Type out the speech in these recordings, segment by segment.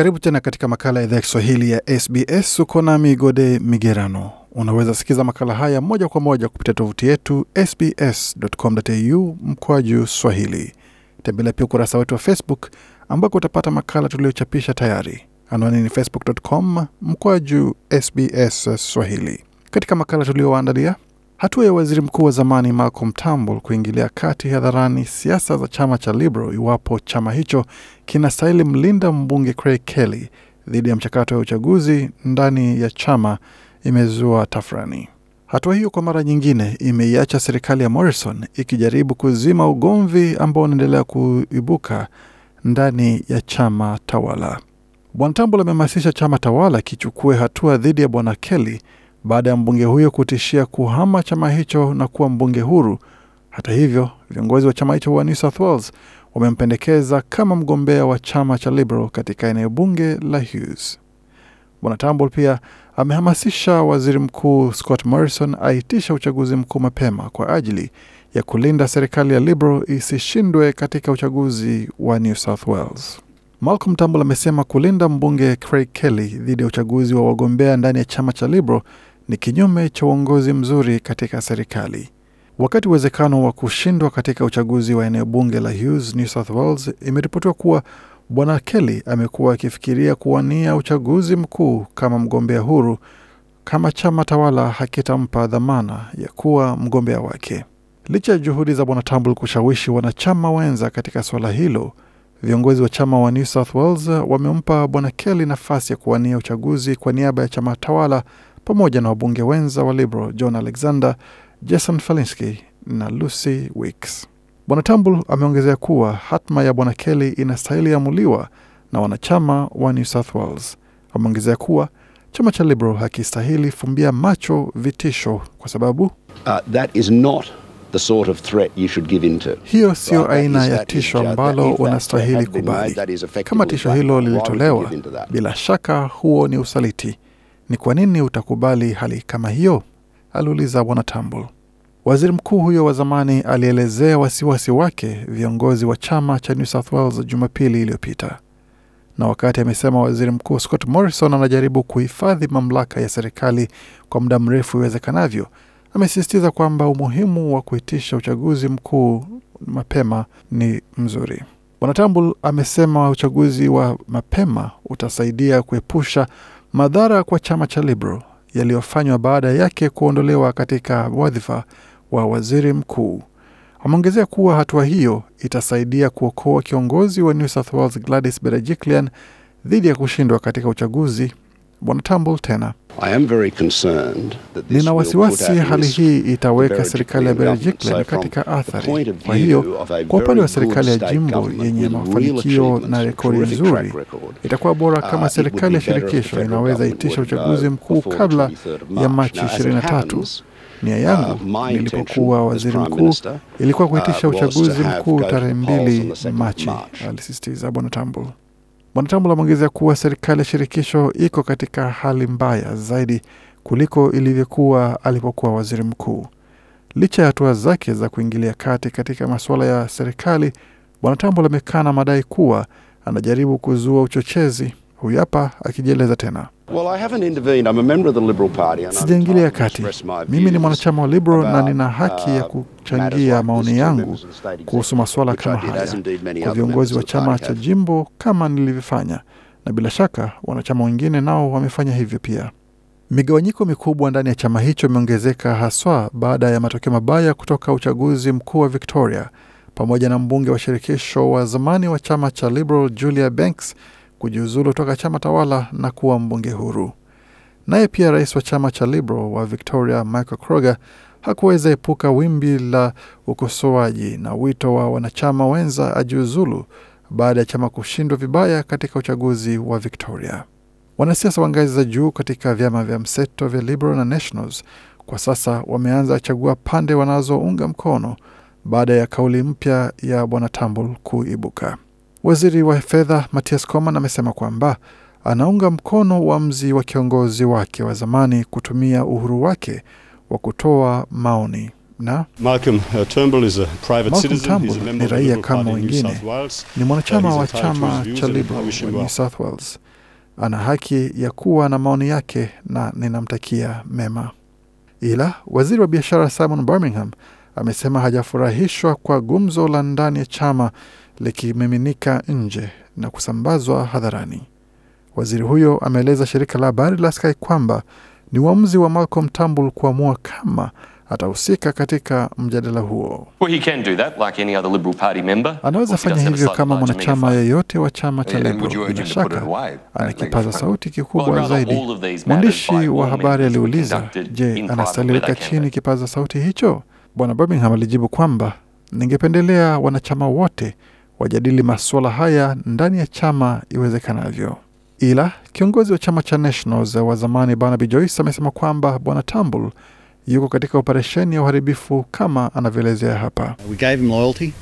Karibu tena katika makala ya idhaa ya Kiswahili ya SBS. Uko nami Gode Migerano. Unaweza sikiza makala haya moja kwa moja kupitia tovuti yetu sbs.com.au mkwaju swahili. Tembelea pia ukurasa wetu wa Facebook ambako utapata makala tuliochapisha tayari. Anwani ni facebook.com mkwaju sbs swahili. Katika makala tuliowaandalia, Hatua ya waziri mkuu wa zamani Malcolm Turnbull kuingilia kati hadharani siasa za chama cha Liberal iwapo chama hicho kinastahili mlinda mbunge Craig Kelly dhidi ya mchakato wa uchaguzi ndani ya chama imezua tafrani. Hatua hiyo kwa mara nyingine imeiacha serikali ya Morrison ikijaribu kuzima ugomvi ambao unaendelea kuibuka ndani ya chama tawala. Bwana Tambul amehamasisha chama tawala kichukue hatua dhidi ya bwana Kelly baada ya mbunge huyo kutishia kuhama chama hicho na kuwa mbunge huru. Hata hivyo, viongozi wa chama hicho wa New South Wales wamempendekeza kama mgombea wa chama cha Liberal katika eneo bunge la Hughes. Bwana Turnbull pia amehamasisha waziri mkuu Scott Morrison aitisha uchaguzi mkuu mapema kwa ajili ya kulinda serikali ya Liberal isishindwe katika uchaguzi wa New South Wales. Malcolm Turnbull amesema kulinda mbunge Craig Kelly dhidi ya uchaguzi wa wagombea ndani ya chama cha Liberal ni kinyume cha uongozi mzuri katika serikali. Wakati uwezekano wa kushindwa katika uchaguzi wa eneo bunge la Hughes, New South Wales, imeripotiwa kuwa Bwana Kelly amekuwa akifikiria kuwania uchaguzi mkuu kama mgombea huru kama chama tawala hakitampa dhamana ya kuwa mgombea wake. Licha ya juhudi za Bwana Turnbull kushawishi wanachama wenza katika suala hilo, viongozi wa chama wa New South Wales wamempa Bwana Kelly nafasi ya kuwania uchaguzi kwa niaba ya chama tawala pamoja na wabunge wenza wa Liberal John Alexander, Jason Falinski na Lucy Wicks. Bwana tambul ameongezea kuwa hatma ya bwana Kelly inastahili amuliwa na wanachama wa New South Wales. Ameongezea kuwa chama cha Liberal hakistahili fumbia macho vitisho kwa sababu uh, that is not the sort of threat you should give into. Hiyo sio right, aina ya tisho ambalo unastahili kubali. Kama tisho hilo lilitolewa, bila shaka huo ni usaliti ni kwa nini utakubali hali kama hiyo? aliuliza bwana Turnbull. Waziri mkuu huyo wa zamani alielezea wasiwasi wake viongozi wa chama cha New South Wales Jumapili iliyopita, na wakati amesema waziri mkuu Scott Morrison anajaribu kuhifadhi mamlaka ya serikali kwa muda mrefu iwezekanavyo, amesisitiza kwamba umuhimu wa kuitisha uchaguzi mkuu mapema ni mzuri. Bwana amesema uchaguzi wa mapema utasaidia kuepusha Madhara kwa chama cha Liberal yaliyofanywa baada yake kuondolewa katika wadhifa wa waziri mkuu. Ameongezea kuwa hatua hiyo itasaidia kuokoa kiongozi wa New South Wales Gladys Berejiklian dhidi ya kushindwa katika uchaguzi Bwana tena Nina wasiwasi hali hii itaweka serikali ya Berejiklian katika athari. Kwa hiyo, kwa upande wa uh, serikali ya jimbo yenye mafanikio na rekodi nzuri, itakuwa bora kama serikali ya shirikisho inaweza itisha uchaguzi mkuu kabla ya Machi 23. Nia yangu nilipokuwa waziri mkuu ilikuwa kuitisha uchaguzi mkuu tarehe mbili Machi, alisisitiza Bwana Turnbull. Bwanatambula ameongezea kuwa serikali ya shirikisho iko katika hali mbaya zaidi kuliko ilivyokuwa alipokuwa waziri mkuu. Licha ya hatua zake za kuingilia kati katika masuala ya serikali, Bwanatambula amekana madai kuwa anajaribu kuzua uchochezi. Huyu hapa akijieleza tena. Sijaingilia well, kati. Mimi ni mwanachama wa Liberal na nina haki ya uh, kuchangia maoni yangu kuhusu masuala kama haya kwa viongozi wa chama cha jimbo kama nilivyofanya, na bila shaka wanachama wengine nao wamefanya hivyo pia. Migawanyiko mikubwa ndani ya chama hicho imeongezeka haswa baada ya matokeo mabaya kutoka uchaguzi mkuu wa Victoria, pamoja na mbunge wa shirikisho wa zamani wa chama cha Liberal Julia Banks kujiuzulu toka chama tawala na kuwa mbunge huru. Naye pia rais wa chama cha Liberal wa Victoria Michael Kroger hakuweza epuka wimbi la ukosoaji na wito wa wanachama wenza ajiuzulu baada ya chama kushindwa vibaya katika uchaguzi wa Victoria. Wanasiasa wa ngazi za juu katika vyama vya mseto vya Liberal na Nationals kwa sasa wameanza chagua pande wanazounga mkono baada ya kauli mpya ya bwana Tambul kuibuka. Waziri wa fedha Matias Coman amesema kwamba anaunga mkono uamuzi wa kiongozi wake wa zamani kutumia uhuru wake wa kutoa maoni na Malcolm uh, Turnbull is a private citizen. He's a ni raia kama wengine, ni mwanachama wa chama cha Liberal wa New South Wales. Ana haki ya kuwa na maoni yake na ninamtakia mema. Ila waziri wa biashara Simon Birmingham amesema hajafurahishwa kwa gumzo la ndani ya chama likimiminika nje na kusambazwa hadharani. Waziri huyo ameeleza shirika la habari la Sky kwamba ni uamuzi wa Malcolm tambul kuamua kama atahusika katika mjadala huo. Well, like anaweza fanya hivyo kama mwanachama yeyote wa chama cha Lebo. Bila shaka ana kipaza sauti kikubwa zaidi. Mwandishi wa habari aliuliza, je, anastahili weka chini kipaza sauti hicho? Bwana Birmingham alijibu kwamba ningependelea wanachama wote wajadili masuala haya ndani ya chama iwezekanavyo. Ila kiongozi wa chama cha Nationals wa zamani Barnaby Joyce amesema kwamba Bwana tambul yuko katika operesheni ya uharibifu kama anavyoelezea hapa.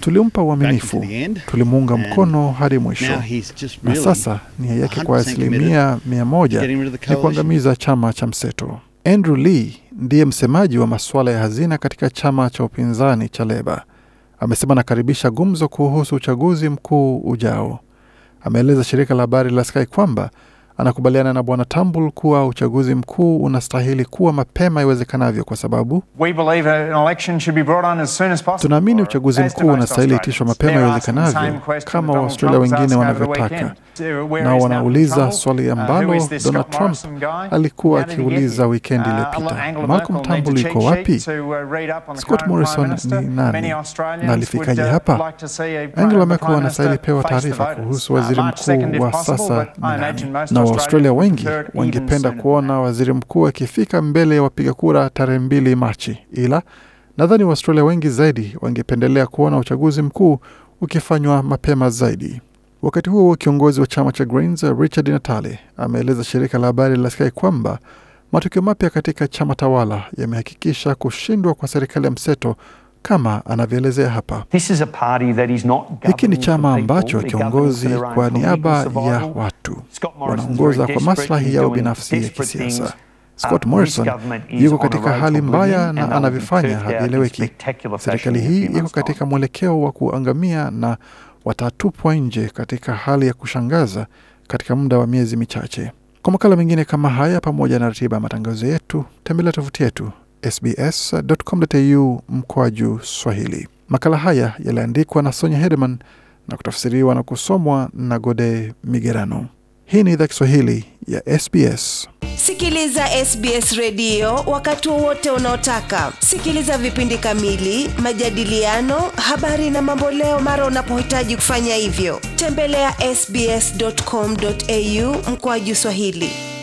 Tulimpa uaminifu, tulimuunga mkono hadi mwisho, na sasa nia yake kwa asilimia mia moja ni kuangamiza chama cha mseto. Andrew Lee ndiye msemaji wa masuala ya hazina katika chama cha upinzani cha Leba, amesema anakaribisha gumzo kuhusu uchaguzi mkuu ujao. Ameeleza shirika la habari la Sky kwamba Anakubaliana na Bwana Tambul kuwa uchaguzi mkuu unastahili kuwa mapema iwezekanavyo, kwa sababu tunaamini uchaguzi mkuu unastahili itishwa mapema iwezekanavyo kama Waustralia wengine wanavyotaka. Na wanauliza swali uh, ambalo uh, Donald Trump alikuwa akiuliza wikendi iliyopita, Malcolm Tambul yuko wapi? Uh, Scott Morrison ni nani na alifikaje uh, hapa? Angela Merkel anastahili pewa taarifa kuhusu waziri mkuu wa sasa ni nani? Australia wengi wangependa kuona waziri mkuu akifika mbele ya wapiga kura tarehe mbili Machi, ila nadhani Waaustralia wengi zaidi wangependelea kuona uchaguzi mkuu ukifanywa mapema zaidi. Wakati huo kiongozi wa chama cha Greens Richard Natale ameeleza shirika la habari la Sky kwamba matukio mapya katika chama tawala yamehakikisha kushindwa kwa serikali ya mseto kama anavyoelezea hapa. Hiki ni chama ambacho kiongozi kwa niaba ya watu wanaongoza kwa maslahi yao binafsi ya kisiasa. Scott uh, Morrison yuko katika hali mbaya na anavyofanya havieleweki. Serikali hii iko katika mwelekeo wa kuangamia na watatupwa nje katika hali ya kushangaza katika muda wa miezi michache. Kwa makala mengine kama haya, pamoja na ratiba ya matangazo yetu, tembelea tovuti yetu sbs.com.au juu Swahili. Makala haya yaliandikwa na Sonya Hedeman na kutafsiriwa na kusomwa na Gode Migerano. Hii ni idhaa Kiswahili ya SBS. Sikiliza SBS redio wakati wowote unaotaka. Sikiliza vipindi kamili, majadiliano, habari na mamboleo mara unapohitaji kufanya hivyo. Tembelea ya sbs.com.au mkoaju Swahili.